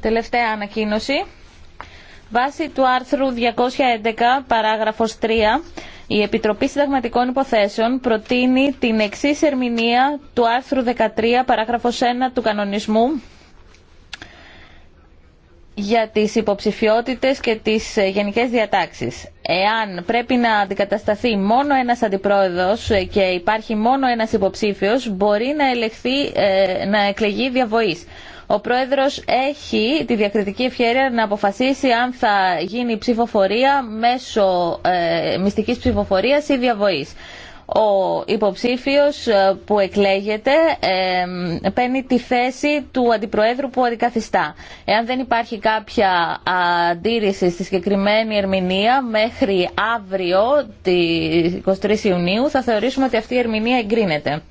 Τελευταία ανακοίνωση. Βάσει του άρθρου 211 παράγραφος 3 η Επιτροπή Συνταγματικών Υποθέσεων προτείνει την εξής ερμηνεία του άρθρου 13 παράγραφος 1 του κανονισμού για τις υποψηφιότητες και τις ε, γενικές διατάξεις. Εάν πρέπει να αντικατασταθεί μόνο ένας αντιπρόεδρος ε, και υπάρχει μόνο ένας υποψήφιος, μπορεί να, ελεχθεί, ε, να εκλεγεί διαβοής. Ο πρόεδρος έχει τη διακριτική ευχαίρεια να αποφασίσει αν θα γίνει ψηφοφορία μέσω ε, μυστικής ψηφοφορίας ή διαβοής ο υποψήφιος ε, που εκλέγεται ε, παίρνει τη θέση του αντιπροέδρου που αντικαθιστά. Εάν δεν υπάρχει κάποια αντίρρηση στη συγκεκριμένη ερμηνεία μέχρι αύριο, τη 23 Ιουνίου, θα θεωρήσουμε ότι αυτή η ερμηνεία εγκρίνεται.